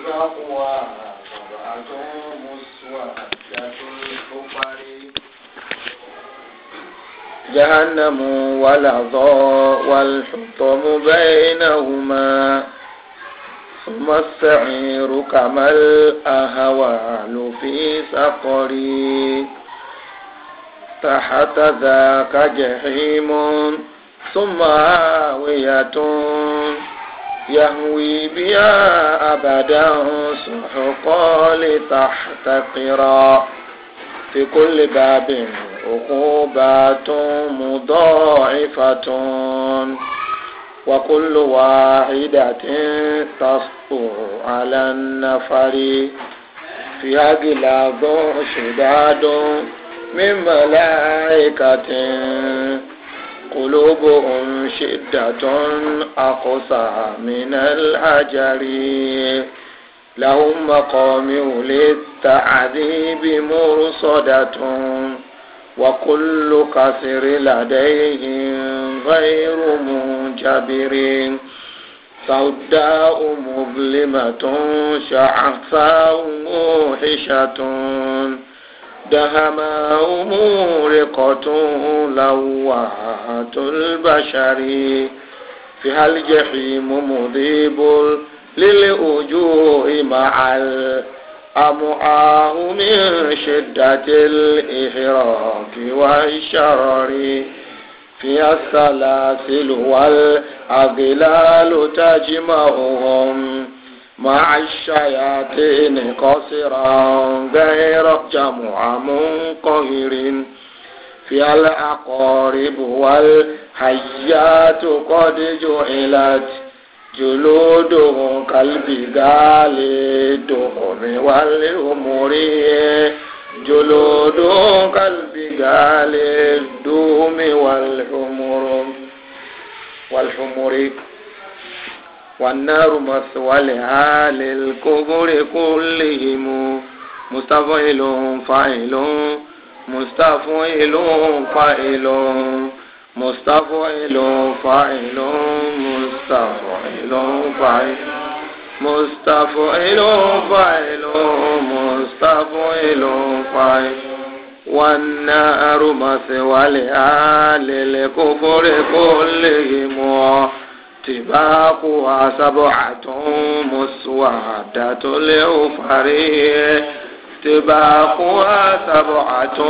التقوى سبعة مسودة الكفر جهنم والعظاء والحطم بينهما ثم السعير كما الأهوال في سقري تحت ذاك جحيم ثم هاوية يهوي بها أبدا سحقا لتحتقرا في كل باب عقوبات مضاعفة وكل واحدة تصبر على النفر في أجلاض شداد من ملائكة قلوبهم شدة أقصى من الحجر لهم مقامع للتعذيب مرصدة وكل قصر لديهم غير منجبر سوداء مظلمة شعثاء موحشة دهما مورقة لواعة البشر فيها الجحيم مذيب للوجوه مع الأمعاء من شدة الإحراق والشرر فيها السلاسل والأغلال تجمعهم مع الشياطين قصرا غير جمع منقهر في الأقارب والحيات قد جعلت جلوده كالبقال الدخم والهمر جلوده كالبقال الدوم والحمر والحمر والنار مثوى لها للكفر كلهم مستفعل فاعل مستفعل فاعل مستفعل فاعل مستفعل فاعل مستفعل فاعل مستفعل فاعل والنار مثوى لها للكفر كلهم طباقها سبعة مسودة الأفري طباقها سبعة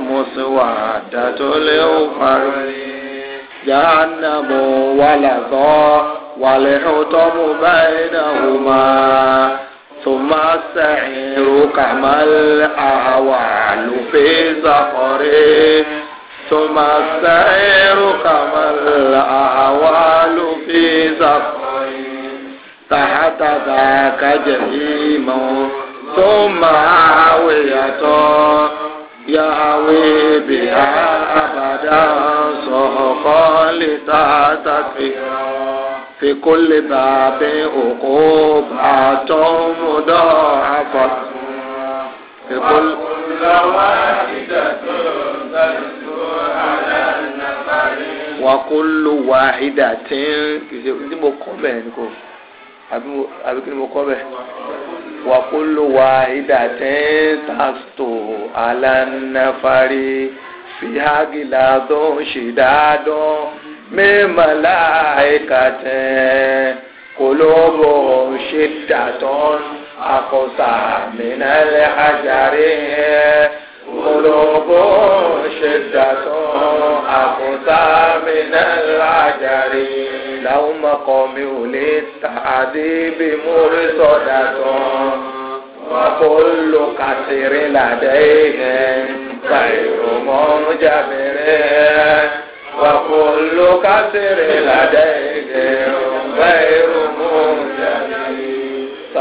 مسودة الأفري جهنم ولظى والحطم بينهما ثم السعير كما الأهوال في زقره ثم السير كما الأعوال في زخرين تحت ذاك جحيم ثم عاوية يهوي بها أبدا صهقا لتعتقيا في كل باب عقوبة مضاعفة في كل واحدة wa kullu wahidatin kìí ṣe mo kọ́ bẹ́ẹ̀ ni kò àbí kí ni mo kọ́ bẹ́ẹ̀ wa kullu wahidatin tasto alánàfàrí fìhágìládùn ṣìdádùn mímàláìkàtẹ́ kólóbò ṣìdádùn àkọsà mìnàlẹ́ àjàre ẹ̀ olóbó ṣẹ̀dá tán àkùntà mi náà lájàre. làwọn mọ̀kọ́ mi ò lè ta àdébí múrí sọ̀dá tán. وكل قصير لديه خير منجبر وكل قصير لديه خير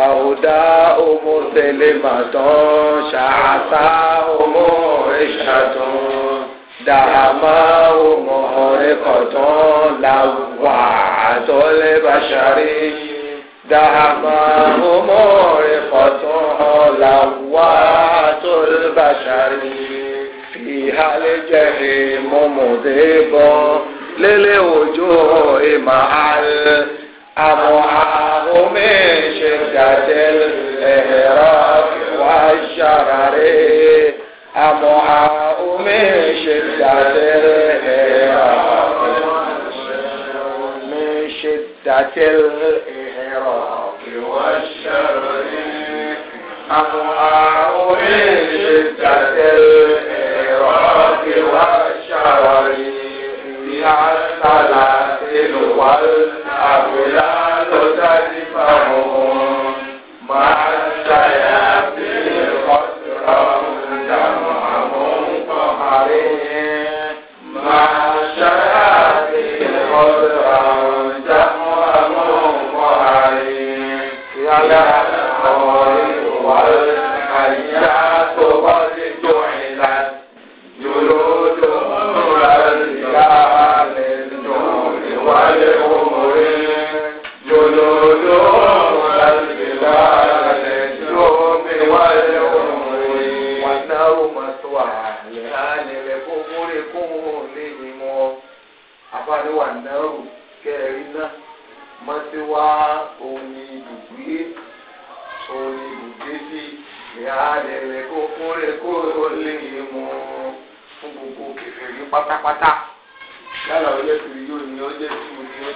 سوداء مسلمة شعثاء مرشة دعماء مهرقة لواعة البشر دعماء مهرقة لواعة البشر فيها الجحيم مذيب للوجوه مع الأمعاء من شدة أمعاء من شدة الإهراق من أمعاء من شدة الإهراق والشرر بها السلاسل والشرر àbúlá tó sáré fáwọn ohun máa ń ṣàyà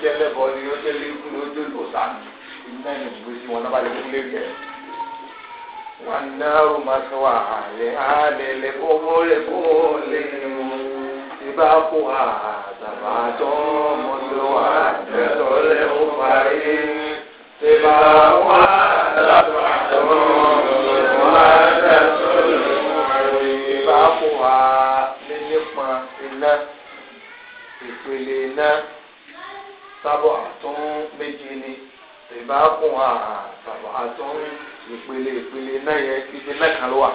jẹ́ lẹ́bọ̀ ni ó jẹ́ lẹ́kú ni ó jẹ́ lọ́sà iná ni ìwé sí wọn náà bá lè fún lẹ́kẹ̀. wọn náà ó máa sọ wà àlẹ́ àlẹ́ lẹ́kọ́ mọ́ lẹ́kọ́ lẹ́yìn wọn ìbá kó àtàbà tó mọ́ sí wà lẹ́tọ́ lẹ́wọ́ parí ìbá wà lábà tó mọ́ sí wà lẹ́tọ́ lẹ́wọ́ parí ìbá kó àlẹ́ nípa iná ìpele iná sábọ̀ àtún méje ni ìbákùn àtàbọ̀ àtún ìpele ìpele náà yẹ kíbi mẹ́kan ló wà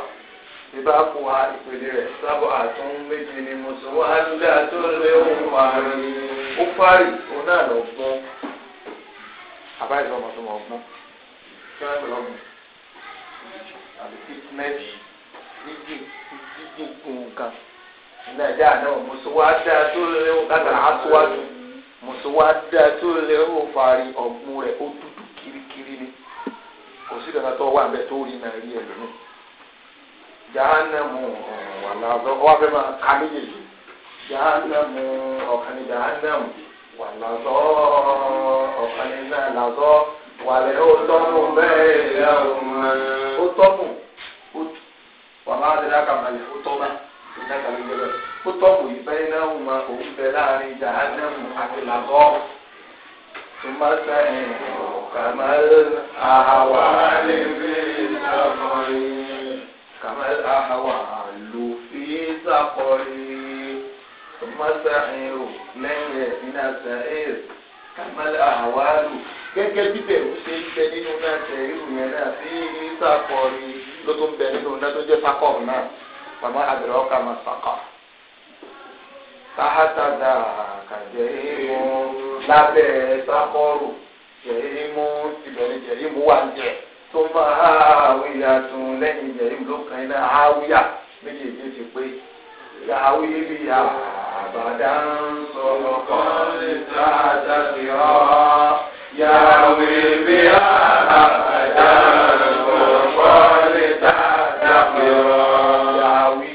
ìbákùn à ìpele rẹ̀ sábọ̀ àtún méje ni mùsùlùmí alúlẹ̀ àtúnlẹ̀ òun parí ó parí òun náà lọ gbọ́n àbáyé ọmọ tó mọ ọgbọ́n kí wọ́n pè lọ́gbọ́n àbí fitness jíjìn jíjìn kùn kan ìdájà náà mùsùlùmí àti àtúnlẹ̀ òun látara àtúwájú. mùsùlùmá tó lè ó fari ọ̀gbun rẹ̀ ó dúdú kirikiri ni kò sí dandan tó wà bẹ́ẹ̀ tó rí náà rí ẹ̀ lónìí jahannamu wà láàbọ̀ wà fẹ́ máa ka na jahannamu ọ̀kan ní jahannamu wà láàbọ̀ ọ̀kan ní ó tọ́mù bẹ́ẹ̀ kótọ́mù ìfẹ́ náà ma òun bẹ láàrin jahannamu àti làgọ́ tó má sẹ́yìn kàmẹ́l àhàwà lè fi sàkọ́rì kàmẹ́l àhàwà lò fi sàkọ́rì tó má sẹ́yìn o lẹ́yìn ẹ̀ iná sẹ́yìn kàmẹ́l àhàwà lò gẹ́gẹ́ bíbẹ̀ ó ṣe ń bẹ nínú náà tẹ̀ irú yẹn náà sí sàkọ́rì ló tó bẹ nínú náà tó jẹ́ sákọ̀ọ̀ náà pàmò àbẹ̀rẹ̀ ọkà máa sàkọ̀ọ̀. tàhátàdà kàjẹ́rìmù lábẹ́ sákọ́rù jẹ́rìmù ìbẹ̀rẹ̀ jẹ́rìmù wà jẹ́ tó máa àwíyá tún lẹ́yìn jẹ́rìmù ló kàn iná méjèèjì ti pé àwíyé bí i àbàdà ń sọ̀rọ̀ kan lè tàhátà sí ọ́ yàwé bí i àbàdà ń sọ̀rọ̀ kan lè ọ́ bí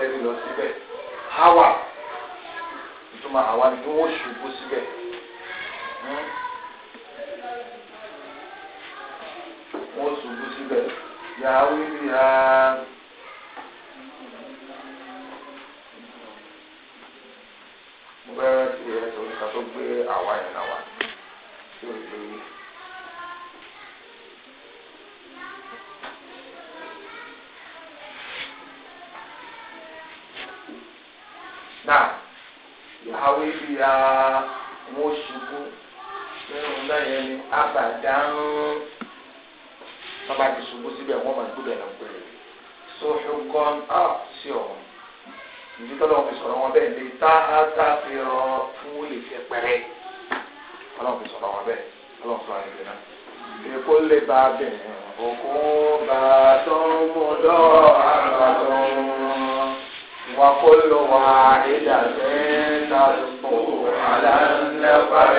sẹ́rí lọ síbẹ̀ hawa ìtumọ̀ hawa ni tó wọ́n ṣubú síbẹ̀. Hmm? wọ́n ṣubú síbẹ̀ yàwé ha. mo náà yàwé bíra wọn ṣubú nínú náà yẹn ni abàdán tọ́ba ti ṣubú síbẹ̀ wọ́n máa gbúdọ̀ ẹ̀ lọ́gbẹ̀rẹ̀ sọ́ṣùgọ́n á ah, sí ọ̀hún ìdí tọ́lọ́ fi sọ̀rọ̀ wọn bẹ́ẹ̀ lè tá a tá a fi rọ fún olè fi pẹ́rẹ́ ọlọ́run fi sọ̀rọ̀ wọn bẹ́ẹ̀ ọlọ́run sọ̀rọ̀ ẹ̀ náà èkó lè bá a bẹ̀rẹ̀ òkú bàtọ́ mọ́dọ́ àgbàdo. وكل واحدة تصبو على النفر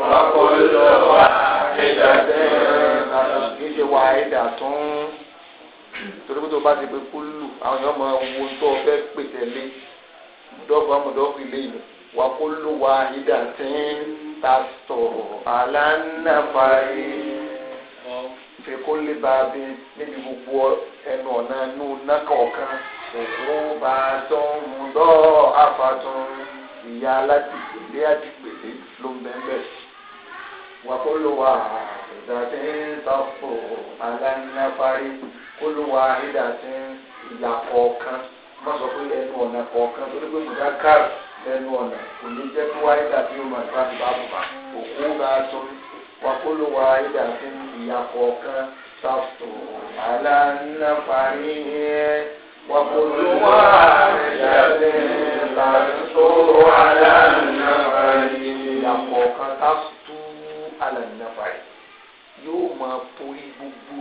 وكل واحدة تصبو واحدة torí pé tó bá ti pé kúlù àwọn èèyàn máa wo tó o fẹ́ pè tẹ̀lé mùdọ́fù amùdọ́fù ilé ìlú wà kúlù wà ìdá tí ń ta sọ̀rọ̀ alánàfààrí fèkólébàbí níbi gbogbo ẹnu ọ̀nà inú nákọ̀ọ̀kan òkúbatọ́ mudọ́ afatọ́ ìyá aláti pèlè àti pèlè ló ń bẹ́ẹ̀ wakolowa ìdàtí sọ́fò aláǹnàfárí kolowa ìdàtí ìyá kọ̀ọ̀kan má sọ pé ẹnu ọ̀nà kọ̀ọ̀kan tó dé pé mudakar lẹ́nu ọ̀nà kò ní jẹ́ kí wáyé dàbí ọmọ ìfà ti bá bùbá òkú batọ́ wakolowa ìdàtí ìyá kọ̀ọ̀kan sọ́fò aláǹnàfárí yẹn. وكل واحدة تسطو على النفع ìyàkọ̀ọ̀kan tásùtù على النفع yóò máa torí gbogbo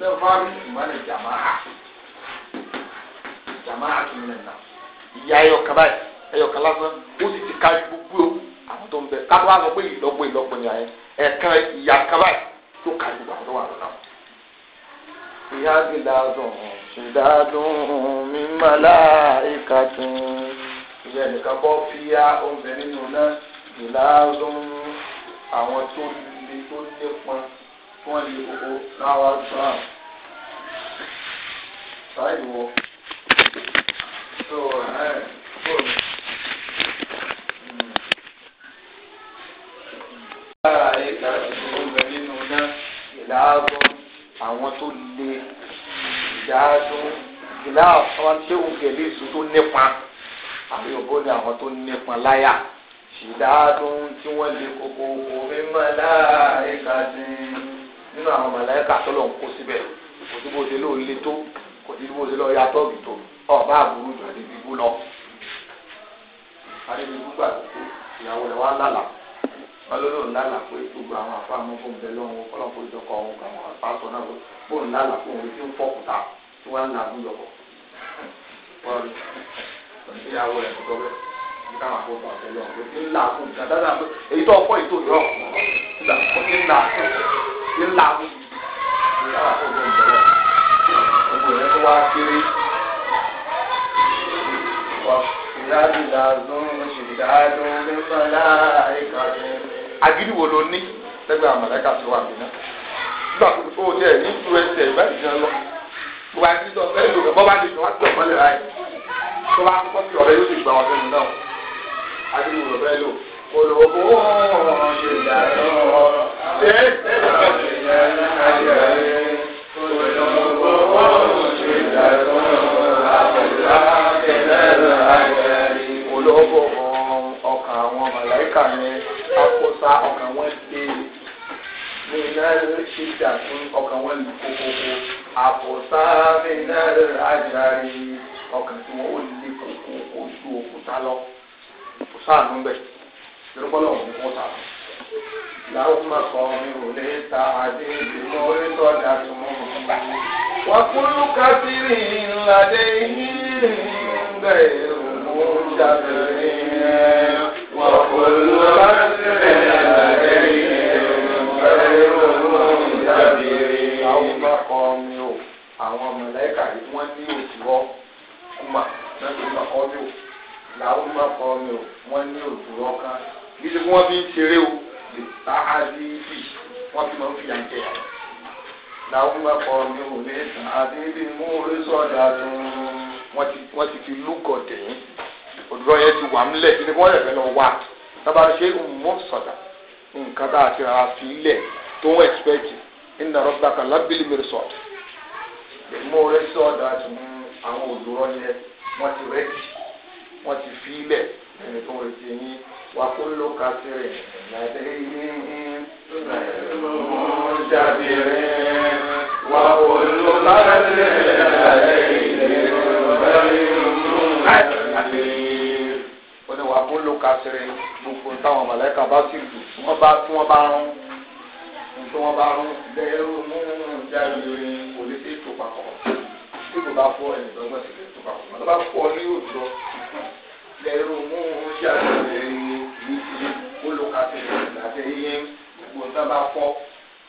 nẹ́fàrí ìmọ̀lẹ̀ jàmáà jàmáà tó ń lẹ̀nà ìyá ẹyọkan báyìí ẹyọkan lásán ó sì ti kárí gbogbo àwọn tó ń bẹ káwọn á sọ pé ìlọ́gbọ̀ ìlọ́gbọ̀ ni àyẹn ẹ̀ẹ̀kan ìyá kan tó kárí gbogbo àwọn tó wà lọ́nà. فيها بلاد شداد من ملائكة ìyẹn nìkan bọ́ fíyá oúnjẹ nínú náà ìlàrún àwọn tó le tó lé pọn tí wọ́n lè owó láwa sàn. báyìí wọ. tó ẹ bó ni. lára ẹ̀ka oúnjẹ nínú náà ìlàrún àwọn tó le ìdáadún ìlà àwọn tẹ́wọ̀n gẹ̀lé èso tó nípa àbí òbó ni àwọn tó nípa láyà ìdáadún tí wọ́n le koko kò mí màláìka sí nínú àwọn màláìka tó lọ ń kó síbẹ̀ kò sí bó ṣe lóò le tó kò sí bó ṣe lọ ya tọ́ọ̀gì tó ọba àbúrú jù àdébíbú lọ àdébíbú gbàgbé ìyàwó rẹ̀ wá lálàá wọn ló pé gbogbo àwọn àfa àwọn fóun bẹ lọ́wọ́ kọ́lọ́ fún ìjọkọ òun kà wọ́n àfa sọ náà fóun lálà fóun ojú ń fọkùtà tí wọ́n ń la fún ìjọkọ. wọ́n rí ìyàwó ẹ̀ kọ́ bẹ́ẹ̀ ní káwọn àfọwọ́ àfẹ́ lọ́wọ́ kí ń fún ìjà dáadáa pé èyí tó ọkọ ètò yọ ìgbà kí ń la fún kí ń fún ìjà àfọwọ́ ìjọba gbogbo ẹ̀ tó wá agídí wo ló ní lẹ́gbẹ̀ẹ́ àmàlẹ́kà tó wà mí náà nígbà tó o jẹ́ ní ju ẹsẹ̀ ìbáyìí jẹun lọ tó bá ti sọ fẹ́ẹ́ lò bọ́ bá ti sọ wá sí ọ̀pọ̀lẹ̀ rà yìí tó bá kọ́ sí ọ̀rẹ́ yóò ti gbà wọn fẹ́ẹ́ náà agídí wo ló fẹ́ẹ́ lò olùkó ṣe ìdáná ṣe é ṣe ìdáná ṣe olùkó ṣe ìdáná àtẹ̀lá àtẹ̀lá àyẹ̀lẹ̀ olùkó ọkàn àwọn màláìkà ni fa ọkàn wọn dé ní iná ṣe dàtún ọkàn wọn lù kókókó àbọ̀sá mi náà ajáre ọkàn tí wọn ó lé kókókó ju òkúta lọ kò sáànù bẹ lórúkọlọ òun kò sáànù. láwọn máa kọ mi ò lè ta àdé ìlú orí tọ́jà tó mọ̀ mọ́ bá. wà á kúrú kásìrì ńlá yìí ń bẹ̀rù mú jáde rí ẹ wà kúrú. àwọn mọ̀lẹ́kà yìí wọ́n ní òtúrọ́ kúmà náà ní ọdún làwọn máa kọ́ mi ò wọ́n ní òtúrọ́ kan kì í ṣe wọ́n fi ń ṣeré o lè bá a bí bì wọ́n fi máa ń fi yàn jẹ làwọn máa kọ́ mi ò lè sàn àti ibi mú orí sọ̀dà tó wọ́n ti fi lúkọ̀ tẹ̀yìn òdúrọ̀ yẹn ti wà ńlẹ̀ kí ni wọ́n lè fẹ́ lọ wá tábà ṣe mú sọ̀dà nǹkan tá a ti ra fi lẹ̀ tó ń ẹ̀sìpẹ̀tì ń darọ́ gbàkà lábìlì mẹ́rẹ̀sọ̀tì ìmúre sọ̀dà tó mú àwọn òdòrọ̀ yẹn wọ́n ti rẹ́dì wọ́n ti fi ilẹ̀ ẹni tó ń retí yín wà kó ló ka sílẹ̀ láti yín ń dàbí rẹ̀ wà kó ló ka sílẹ̀ láti yín wọ́n ní wà kó ló ka sílẹ̀ gbogbo táwọn mọ̀lẹ́ka bá sì dùn tí wọ́n bá tí wọ́n bá rún tí wọ́n bá rún bẹ́ẹ̀ ló mú un jáde rẹ̀ kò lè papọ̀ tí kò bá fọ ẹnì dọ́gbọ́n sì lè tó papọ̀ mọ́ tó bá fọ ní òjò lẹ́rù mú un ṣe àtẹ̀lẹ́ yìí kìí ṣe olùkàtẹ̀ àti yìí gbogbo tó bá fọ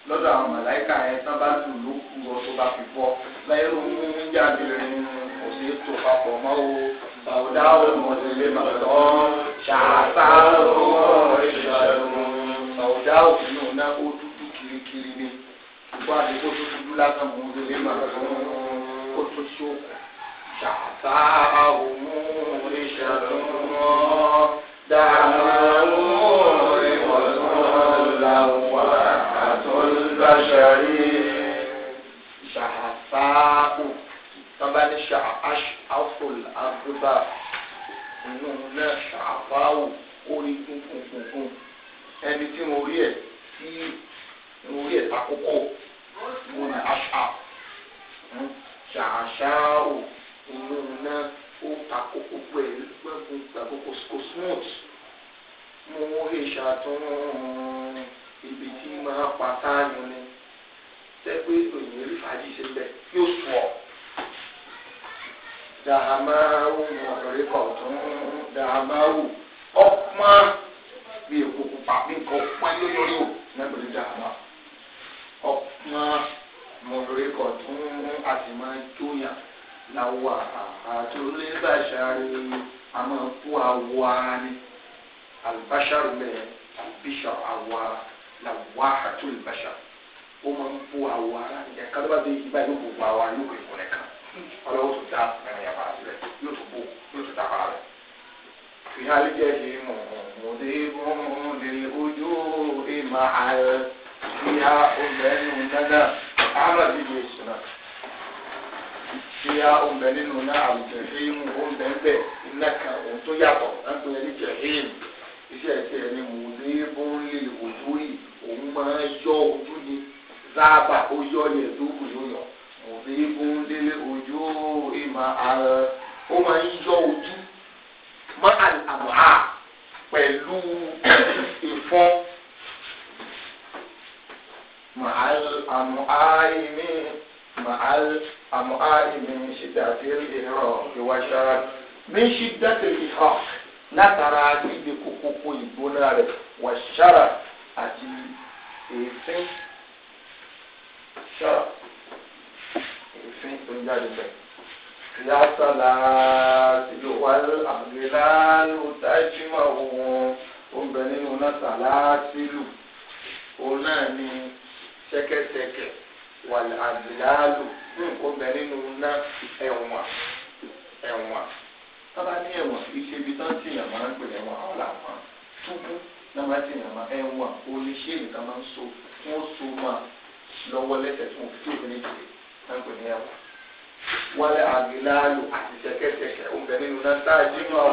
lọ́dọ̀ àwọn màláìka yẹn tó bá lù ló kú ọ tó bá fi fọ lẹ́rù mú un ṣe àtẹ̀lẹ́ kò sí tó papọ̀ mọ́ o bàwùdá ò mọ̀tẹ́lẹ́ màtọ́ ṣàtà ó ìṣàlù bàwùdá ò fi hàn náà ó dúdú kirikiri ni gbogbo àdúgbò tó dúdú lásán mò ń lè má ó tó tó ṣàtà òun ìṣàtúnmọ́ dáhùn ìwọ̀sán làwọn àtúnbáṣárì ṣàtàkù tọ́ba ní ṣàfùl àdúgbà inú náà ṣàfáwò orí kúnkùnkùn ẹni tí mo rí ẹ̀ tí. n'oge akwụkwọ bụ na asha ṣàṣà o òun náà ó takoko pẹ̀lú pẹ̀lú takoko kò smooth mo ń ibi tí máa pa táyọ̀ ni tẹ́gbẹ́ fàájì ṣe yóò sùn ọ́ kọ̀ọ̀tún bí èkó pupa bí nǹkan lórí máa mọ̀rẹ́ kọ̀ tún a sì máa jóyàn láwọ àtúnlé bàṣàrí a máa kú àwọ̀ ara ni àlùbáṣàrù bẹ́ẹ̀ àlùbíṣà àwọ̀ làwọ̀ àtúnlé bàṣàrù ó máa ń kú àwọ̀ ara ni ẹ̀ka tó bá dé ibà yóò kó gbà yóò kó ìkọlẹ̀ kan ọlọ́wọ́ tó dá ẹ̀rọ yàrá rẹ̀ yóò tó bò yóò tó dá ara rẹ̀ fi jẹ́ ṣe mọ̀ lè mọ̀ lè ojú ìmọ̀ ààrẹ ìyá ọ̀bẹ nínú nánà ahmed bíi ìṣúná ìyá ọ̀bẹ nínú náà àwùjọ ìhìn ọ̀bẹ ń bẹ̀ iná kan òun tó yàtọ̀ láti ẹni jẹ ìhìn iṣẹ́ ẹ̀sẹ̀ ẹni mò ń lé bọ́ńlé òjò yìí òun máa yọ ojú ni záàbà ó yọ ní ẹ̀dógù yóò yọ mò ń lé bọ́ńlé òjò ìmọ̀ ààrẹ ó máa ń yọ ojú mọ́ àlùmọ́ àmúháìmí ṣìdàtìl ìrọ̀ ìwáṣára ní ṣìdàtìl ìrọ̀ látara gbígbé kókókó ìgbóná rẹ̀ wàṣára àti èéfín ṣára èéfín tó ń jáde bẹ́ẹ̀. يا صلاة والأغلال تجمعهم obìnrin òun náà sàlá sílù òun náà ni sẹ́kẹ́sẹ́kẹ́ wàlẹ̀ àdìláàlù nǹkan hmm, bẹ nínú ná ẹ̀wọ̀n ẹ̀wọ̀n tábà ní ẹ̀wọ̀n ìṣèbí tán tí èèyàn máa ń pè ẹ̀wọ̀n àwọn làwọn túbú náà máa ti èèyàn máa ẹ̀wọ̀n oníṣẹ́ nìkan máa ń so wọ́n so máa lọ́wọ́ lẹ́sẹ̀ tí wọ́n òfin ní náà ń pè ní ẹ̀wọ̀n wálé àgbélárò àti sẹkẹsẹkẹ òǹbẹ nínú náà sáájú náà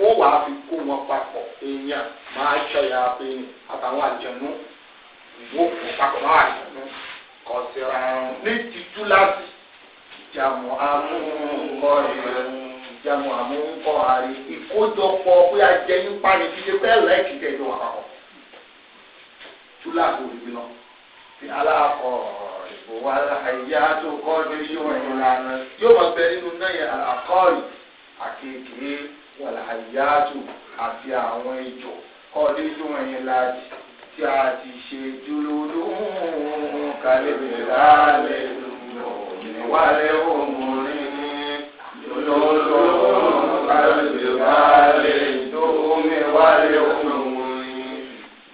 wọn wàá fi kó wọn papọ̀ èèyàn máa ṣọyà apẹ̀yìn àtàwọn àjẹnú wọ́n kó papọ̀ máa wà nínú kọ̀ọ̀sìrà ní tìjú láti ìjàmù amúnkọ́ ìjàmù amúnkọ́ àrí ìkójọpọ̀ pé ajẹyìn pani ti ṣe bẹ́ẹ̀ lẹ́ẹ̀kì tẹ̀ ìjọba papọ̀ túláàbù òbí náà ti aláàkọ̀ ìbòwá ẹ̀yà tó kọ́ ní yíwọ̀ ìlànà yóò máa bẹ nínú náà yẹ àkọ́ọ̀rì àkekèé wàlàyà tó àti àwọn ìjọ kọ́ ní yíwọ̀ ìlànà tí a ti ṣe júlúdú kálíbi lálẹ́ ìwálẹ̀ òmùrin ní júlúdú kálíbi lálẹ́ ìdómi wálẹ̀ òmùrin.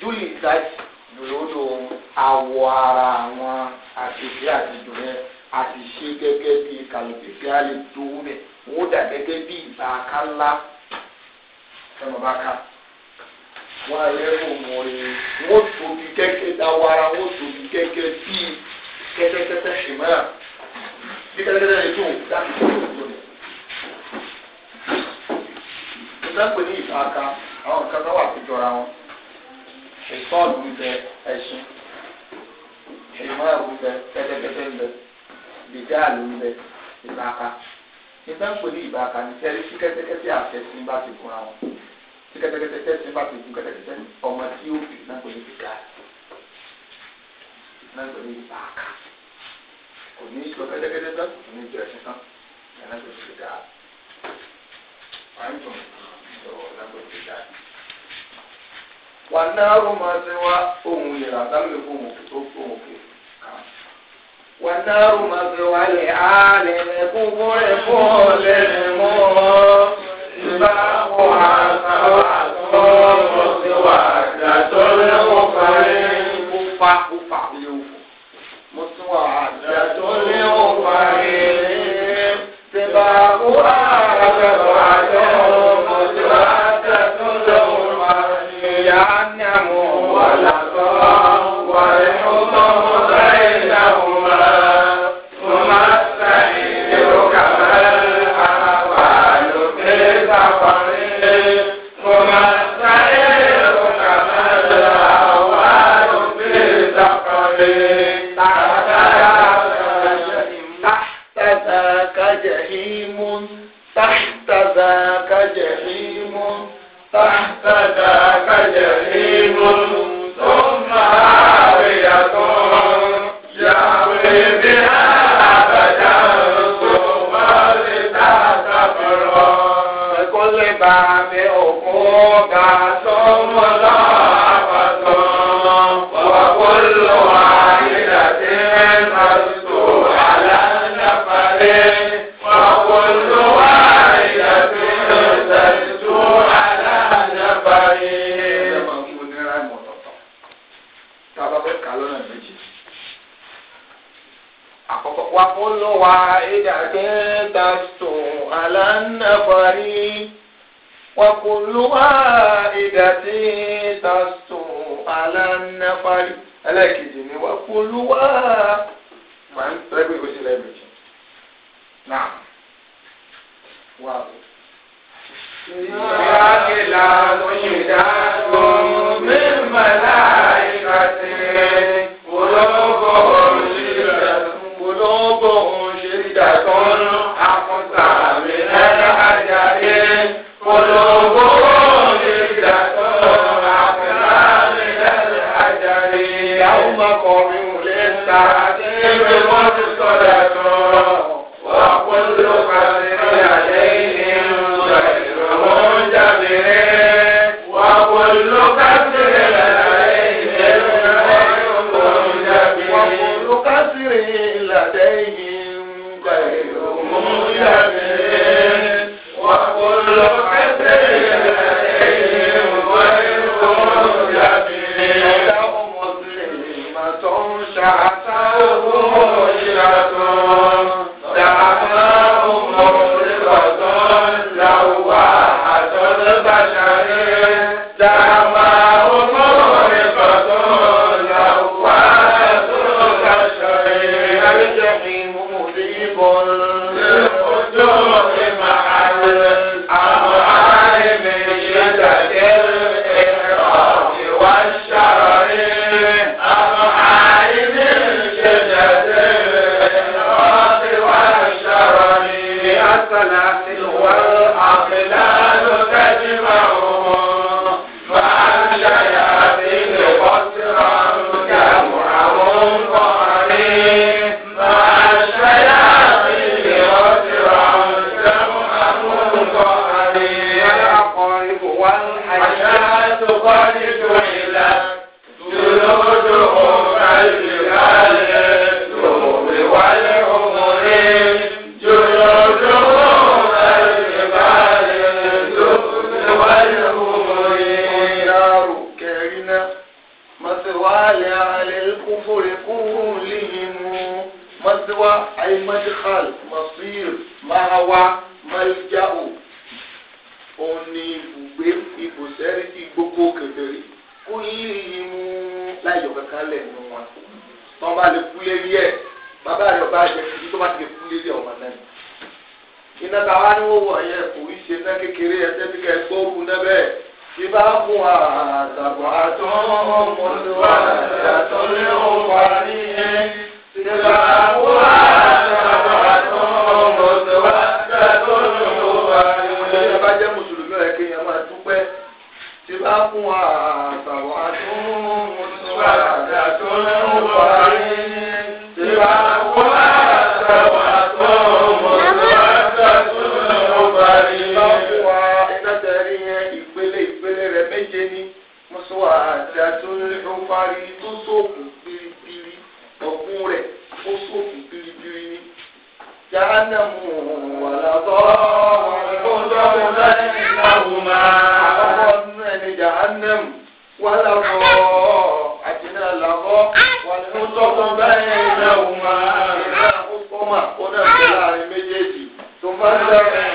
júlì dájú júlúdú awọ ara àwọn àṣìṣe àtijọ́ yẹn àti ṣe gẹ́gẹ́ bí kàlùfẹ́fẹ́ àlè tó rẹ̀ gẹ́gẹ́ bí ìbáka ńlá ẹ̀mọ̀báka wọn ayẹwo mọrin wọn tóbi gẹ́gẹ́ dawara wọn tóbi gẹ́gẹ́ bíi kẹ́tẹ́kẹ́tẹ́ ṣìmọra bí kẹ́tẹ́kẹ́tẹ́ yẹn tó láti tó tó ní. nígbà pé ní ìfaka àwọn nǹkan tó wà tó jọra wọn ìtọ́ọ̀lù ń bẹ ẹṣin ṣìmọra ń bẹ kẹ́tẹ́kẹ́tẹ́ ń bẹ bìdáàlù ń bẹ ìbaka nígbà pé ní ìbaka ní sẹ́rí sí kẹ́tẹ́kẹ́tẹ́ àfẹ́sí bá ti kúra wọn tí kẹ́tẹ́kẹ́tẹ́ tẹ́sí bá ti ju kẹ́tẹ́kẹ́tẹ́ ọmọ tí ó fi náà pẹ̀lú kíkà náà pẹ̀lú ìbáàkà kò ní sọ kẹ́tẹ́kẹ́tẹ́ tó kò ní í jọ ẹ̀sìn tán ẹ̀ náà pẹ̀lú kíkà fàǹtọ̀ sọ̀rọ̀ náà pẹ̀lú kíkà. wà á náà rò máa ṣe wá ohun ìyàrá dáhùn èkó òun òkè tó òun òkè wà á náà rò máa ṣe wá lè á lè lè kú kú rẹ̀ fún ọ. جحيم تحت ذاك جحيم ثم هاوية يهوي بها أبدا ثم لتستمر كل باب أخوك ثم رأفة وكل واحدة وكل واحدة تستو على النفر وكل واحدة تستو على النفر ẹlẹ́ẹ̀kejì ni wà kúlú wá máa ń tẹ́gbẹ́ ìwé sílẹ̀ méjì قلوبهم شدة أقصى من الحجر قلوبهم شدة أقصى من الحجر يوم قوموا للتعذيب مقصدة وكل قدر عليهم غير منجبر وكل قدر عليهم غير منجبر وكل قدر Oni ni ibùgbé ibùsẹ́rí ti gbogbo kẹ̀kẹ́rí kó yíyí yìí mú láyọ̀ kankan lẹ̀ nù wọn. wọ́n bá lè kúlé rí ẹ̀ bàbá rẹ̀ ọba jẹ kí tó bá ti lè kúlé rí ọ̀wọ́n náà. iná táwa ni wọ́n wọ̀ yẹ kò í ṣe ná kékeré ẹsẹ̀ bí ká ẹgbẹ́ òkú náà bẹ́ẹ̀. tí bá mú àtàbọ̀ àtọ́ mọ̀tò àtọ́ ní ọ̀pọ̀ àníyẹ. tí bá mú àtàbọ̀ àtọ́ mọ̀tò àtọ́ ní ọ̀pọ̀ àníyẹ. سباقها سبعة مسودة وعين سباقها سبعة مسودة وعين سباقها iná tẹ̀rí yẹn ìpele ìpele rẹ̀ méje ni musودة وعين tó sóòkù biribiri ọ̀gbun rẹ̀ ó sóòkù biribiri ni. jahannamu wàlàbọ̀ ọ̀gbọ́n tó ń bá ní ìlànà. جهنم ولقوا أجنا لقوا والحصة بينهما إذا حكما قدر بالعلم جيجي ثم دعوا